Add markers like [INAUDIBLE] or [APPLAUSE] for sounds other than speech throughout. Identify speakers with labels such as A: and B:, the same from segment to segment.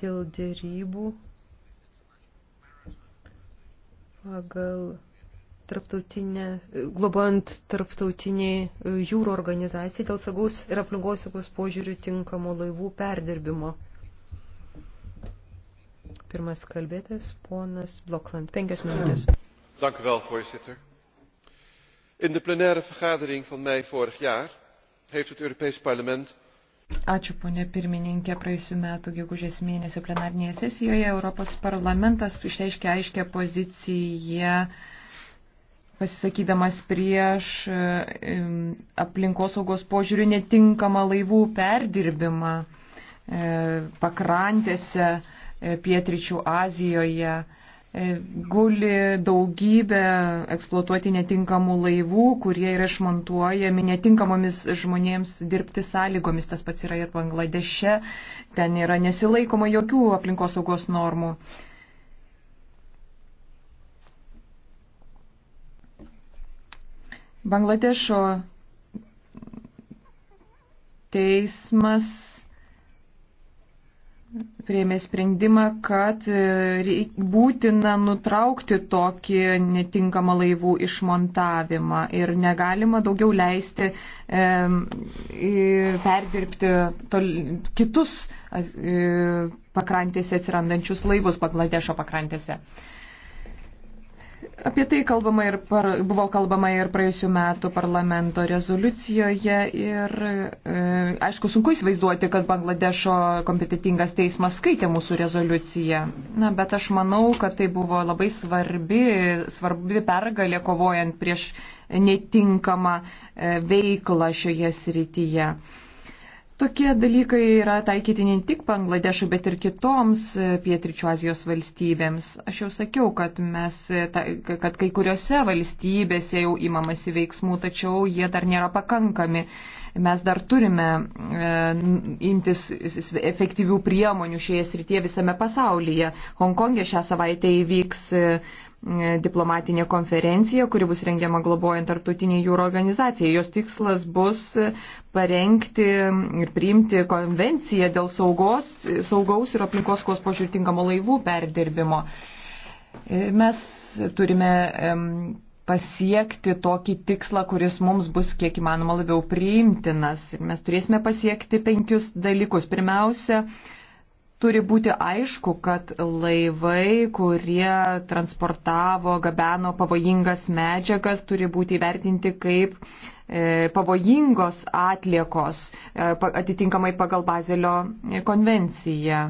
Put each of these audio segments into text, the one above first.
A: dėl dėrybų pagal tarptautinę, globant tarptautiniai jūro organizacijai dėl sagaus ir aplinkosaugos požiūrių tinkamo laivų perdirbimo. Pirmas kalbėtas, ponas Blokland. Penkias minutės.
B: Dank u wel, voorzitter. In de plenaire vergadering van mei vorig jaar heeft het Europees Parlement
C: Ačiū, ponė pirmininkė. Praėjusiu metu, gegužės mėnesio plenarnėje sesijoje, Europos parlamentas išreiškė aiškę poziciją pasisakydamas prieš aplinkosaugos požiūrių netinkamą laivų perdirbimą e, pakrantėse e, pietryčių Azijoje. E, guli daugybė eksploatuoti netinkamų laivų, kurie yra išmontuojami netinkamomis žmonėms dirbti sąlygomis. Tas pats yra ir Bangladeše, ten yra nesilaikoma jokių aplinkosaugos normų. Bangladešo teismas prieimė sprendimą, kad e, būtina nutraukti tokį netinkamą laivų išmontavimą ir negalima daugiau leisti e, perdirbti tol, kitus e, pakrantėse atsirandančius laivus Bangladešo pakrantėse. E, Apie tai kalbama ir par, buvo kalbama ir praėjusiu metu parlamento rezoliucijoje ir e, aišku sunku įsivaizduoti, kad Bangladešo kompetitingas teismas skaitė mūsų rezoliuciją. Na, bet aš manau, kad tai buvo labai svarbi, svarbi pergalė kovojant prieš netinkamą e, veiklą šioje srityje. E, Tokie dalykai yra taikytini ne tik Bangladešui, bet ir kitoms e, pietričio Azijos valstybėms. Aš jau sakiau, kad, mes, e, ta, kad kai kuriuose valstybėse jau imamasi veiksmų, tačiau jie dar nėra pakankami. Mes dar turime e, imtis efektyvių priemonių šioje srityje visame pasaulyje. Hongkongė šią savaitę įvyks e, e, diplomatinė konferencija, kuri bus rengiama globojant tarptautinį jūro organizaciją. Jos tikslas bus parengti ir priimti konvenciją dėl saugos, saugaus ir aplinkos kos požiūrtinkamo laivų perdirbimo. E, mes turime pasiekti tokį tikslą, kuris mums bus kiek įmanoma labiau priimtinas. Ir mes turėsime pasiekti penkius dalykus. Pirmiausia, turi būti aišku, kad laivai, kurie transportavo, gabeno pavojingas medžiagas, turi būti įvertinti kaip e, pavojingos atliekos e, atitinkamai pagal Bazelio konvenciją.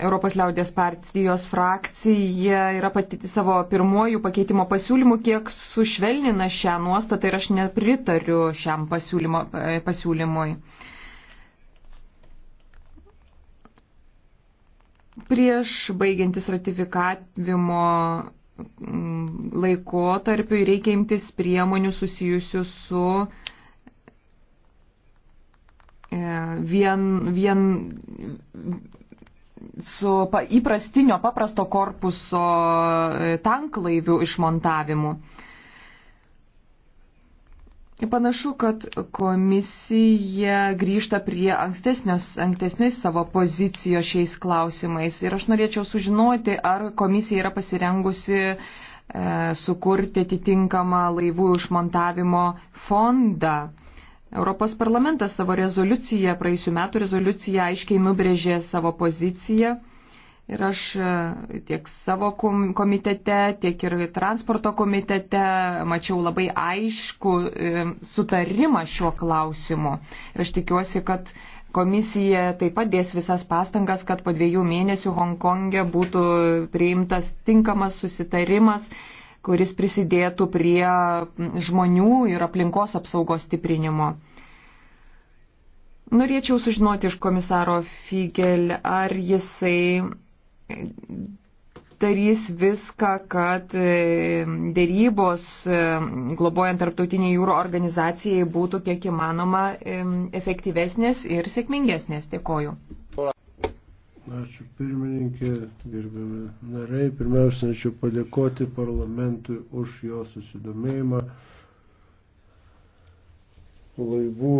C: Europos liaudės partijos frakcija yra patyti savo pirmojų pakeitimo pasiūlymų, kiek sušvelnina šią nuostatą ir aš nepritariu šiam e, pasiūlymui. Prieš baigiantis ratifikavimo mm, laikotarpiu reikia imtis priemonių susijusių su e, vien, vien su įprastinio paprasto korpuso e, tanklaivių išmontavimu. Panašu, kad komisija grįžta prie ankstesnės savo pozicijos šiais klausimais ir aš norėčiau sužinoti, ar komisija yra pasirengusi e, sukurti atitinkamą laivų išmontavimo fondą Europos parlamentas savo rezoliuciją, praėjusiu metu rezoliuciją aiškiai nubrėžė savo poziciją. Ir aš e, tiek savo komitete, tiek ir transporto komitete mačiau labai aišku e, sutarimą šiuo klausimu. Ir aš tikiuosi, kad komisija taip pat dės visas pastangas, kad po dviejų mėnesių Hongkonge būtų priimtas tinkamas susitarimas kuris prisidėtų prie žmonių ir aplinkos apsaugos stiprinimo. Norėčiau sužinoti iš komisaro Figel, ar jisai darys viską, kad e, dėrybos, e, globojant tarptautinį jūro organizacijai, būtų kiek įmanoma efektyvesnės ir sėkmingesnės. Dėkoju.
B: Ačiū pirmininkė, gerbiami nariai. Pirmiausia, norėčiau padėkoti parlamentui už jo susidomėjimą laivų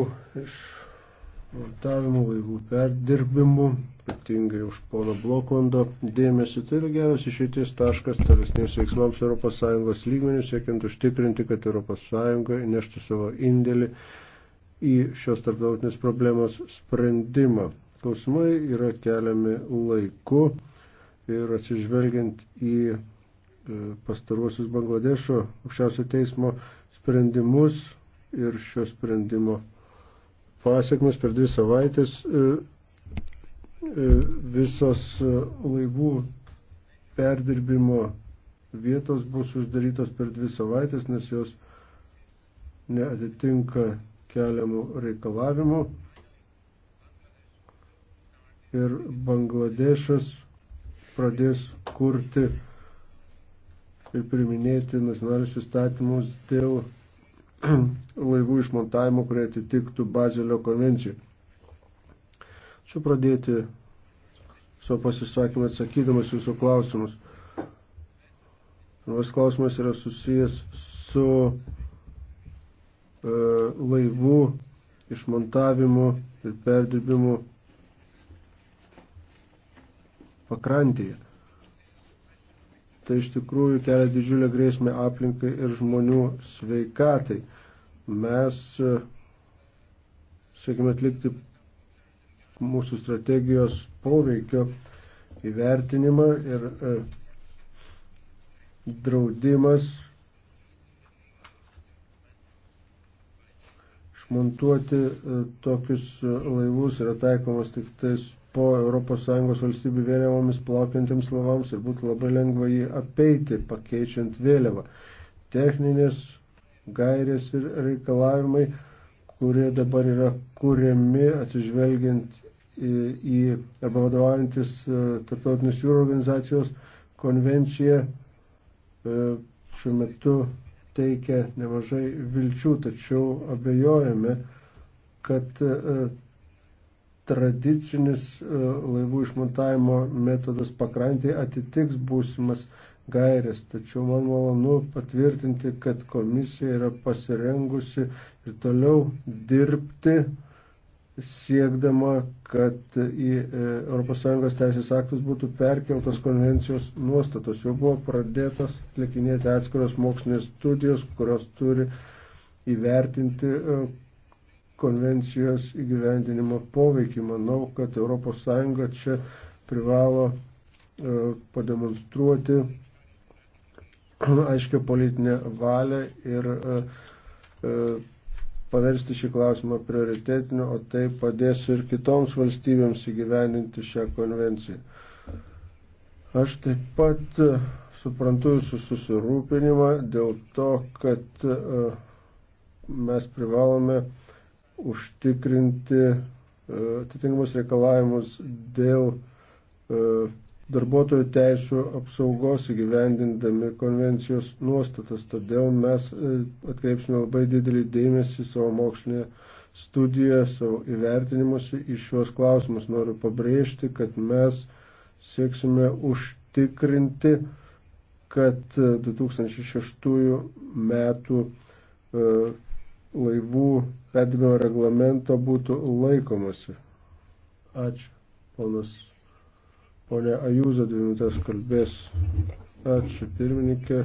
B: išvartavimų, laivų perdirbimų, ypatingai už pono Bloklando dėmesį. Tai yra geras išeities taškas tolesniems veiksmams ES lygmenių, siekiant užtikrinti, kad ES neštų savo indėlį į šios tarptautinės problemos sprendimą klausimai yra keliami laiku ir atsižvelgiant į e, pastaruosius Bangladešo aukščiausio teismo sprendimus ir šio sprendimo pasiekmes per dvi savaitės e, e, visos laivų perdirbimo vietos bus uždarytos per dvi savaitės, nes jos neatitinka keliamų reikalavimų ir Bangladešas pradės kurti ir priminėti nacionalinius įstatymus dėl [CLEARS THROAT] laivų išmontavimo, kurie atitiktų Bazelio konvenciją. Čia pradėti savo pasisakymą atsakydamas jūsų klausimus. Pirmas klausimas yra susijęs su e, laivų išmontavimu ir perdirbimu pakrantėje. Tai iš tikrųjų kelia didžiulę grėsmę aplinkai ir žmonių sveikatai. Mes e, siekime atlikti mūsų strategijos poveikio įvertinimą ir e, draudimas išmontuoti e, tokius laivus yra taikomas tik tais po ES valstybių vėliavomis plaukiantiems lavams ir būtų labai lengva jį apeiti, pakeičiant vėliavą. Techninės gairės ir reikalavimai, kurie dabar yra kuriami atsižvelgiant į, į arba vadovaujantis e, Tarptautinės jūro organizacijos konvenciją, e, šiuo metu teikia nemažai vilčių, tačiau abejojame, kad e, tradicinis e, laivų išmontavimo metodas pakrantėje atitiks būsimas gairės. Tačiau man malonu patvirtinti, kad komisija yra pasirengusi ir toliau dirbti siekdama, kad į ES teisės aktus būtų perkeltos konvencijos nuostatos. Jau buvo pradėtos atlikinėti atskiros mokslinės studijos, kurios turi įvertinti, e, konvencijos įgyvendinimo poveikį. Manau, kad ES čia privalo e, pademonstruoti aiškia politinę valią ir e, e, paversti šį klausimą prioritetiniu, o tai padės ir kitoms valstybėms įgyvendinti šią konvenciją. Aš taip pat suprantu jūsų susirūpinimą dėl to, kad mes privalome uh, užtikrinti e, atitinkamus reikalavimus dėl e, darbuotojų teisų apsaugos įgyvendindami konvencijos nuostatas. Todėl mes e, atkreipsime labai didelį dėmesį savo mokslinėje studijoje, savo įvertinimuose į šios klausimus. Noriu pabrėžti, kad mes sieksime užtikrinti, kad 2006 metų laivų perdimo reglamento būtų laikomasi. Ačiū, ponas. Pone Ajūza, dvi minutės kalbės. Ačiū, pirmininkė.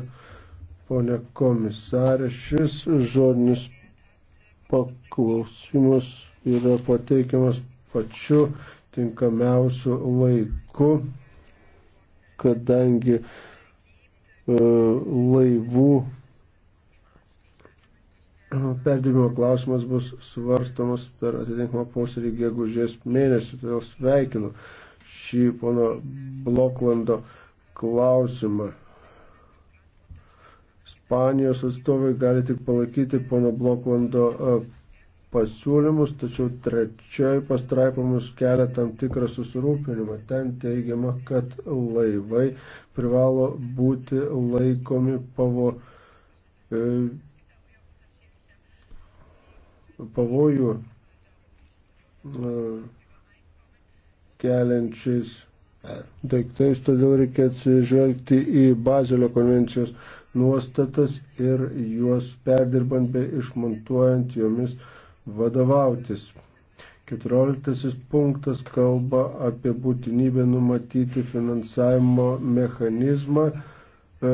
B: Pone komisarė, šis žodinis paklausimus yra pateikiamas pačiu tinkamiausiu laiku, kadangi e, laivų perdėmimo klausimas bus svarstamas per atitinkamą posėdį gegužės mėnesį, todėl sveikinu šį pono Bloklando klausimą. Ispanijos atstovai gali tik palaikyti pono Bloklando e, pasiūlymus, tačiau trečioji pastraipa mus kelia tam tikrą susirūpinimą. Ten teigiama, kad laivai privalo būti laikomi pavo. E, pavojų keliančiais daiktais, todėl reikia atsižvelgti į Bazelio konvencijos nuostatas ir juos perdirbant bei išmontuojant jomis vadovautis. 14 punktas kalba apie būtinybę numatyti finansavimo mechanizmą, e,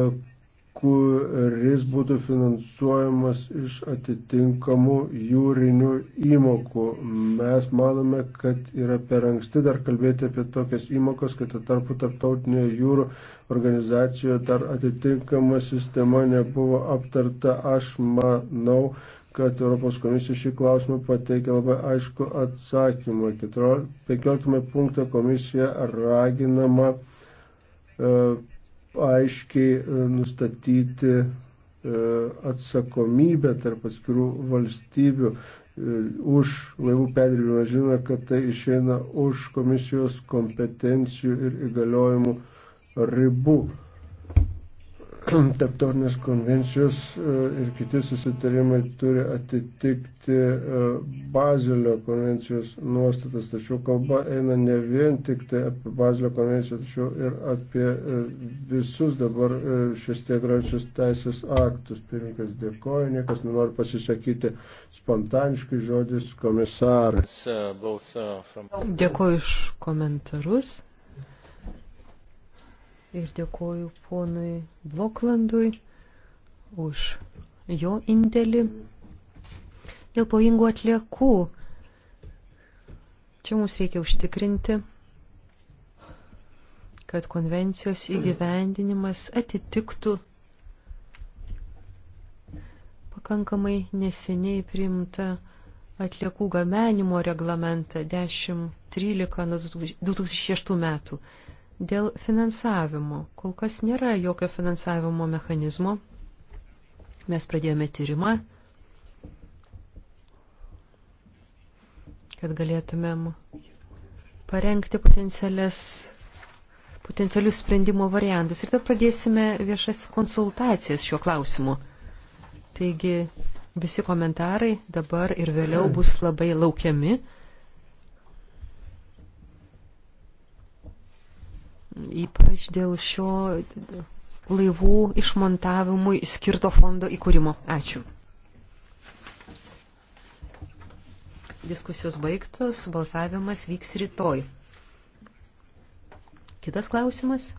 B: kuris būtų finansuojamas iš atitinkamų jūrinių įmokų. Mes manome, kad yra per anksti dar kalbėti apie tokias įmokas, kad tarpu tarptautinėje jūrų organizacijoje dar atitinkama sistema nebuvo aptarta. Aš manau, kad Europos komisija šį klausimą pateikė labai aišku atsakymą. 15 punktą komisija raginama e, aiškiai e, nustatyti e, atsakomybę tarp atskirų valstybių e, už laivų perdirbimą. Žinome, kad tai išeina už komisijos kompetencijų ir įgaliojimų ribų tarptautinės konvencijos e, ir kiti susitarimai turi atitikti e, Bazilio konvencijos nuostatas, tačiau kalba eina ne vien tik tai apie Bazilio konvenciją, tačiau ir apie e, visus dabar šios tiegrančius teisės aktus. Pirmininkas dėkoja, niekas nenori pasisakyti spontaniškai žodis komisaras. Uh,
A: dėkoju iš komentarus ir dėkoju ponui Bloklandui už jo indėlį dėl pavojingų atliekų. Čia mums reikia užtikrinti, kad konvencijos įgyvendinimas atitiktų pakankamai neseniai priimta atliekų gamenimo reglamentą 1013 nuo 2006 metų. Dėl finansavimo. Kol kas nėra jokio finansavimo mechanizmo. Mes pradėjome tyrimą, kad galėtumėm parengti potencialius sprendimo variantus. Ir tada pradėsime viešas konsultacijas šiuo klausimu. Taigi visi komentarai dabar ir vėliau bus labai laukiami. ypač dėl šio laivų išmontavimui skirto fondo įkūrimo. Ačiū. Diskusijos baigtos, balsavimas vyks rytoj. Kitas klausimas.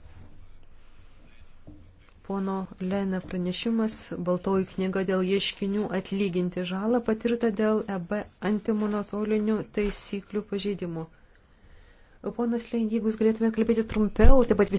A: Pono Lena pranešimas, baltoji knyga dėl ieškinių atlyginti žalą patirtą dėl EB antimonotolinių taisyklių pažeidimo. Ponas Lein, jeigu jūs galėtumėte kalbėti trumpiau ir taip pat visi.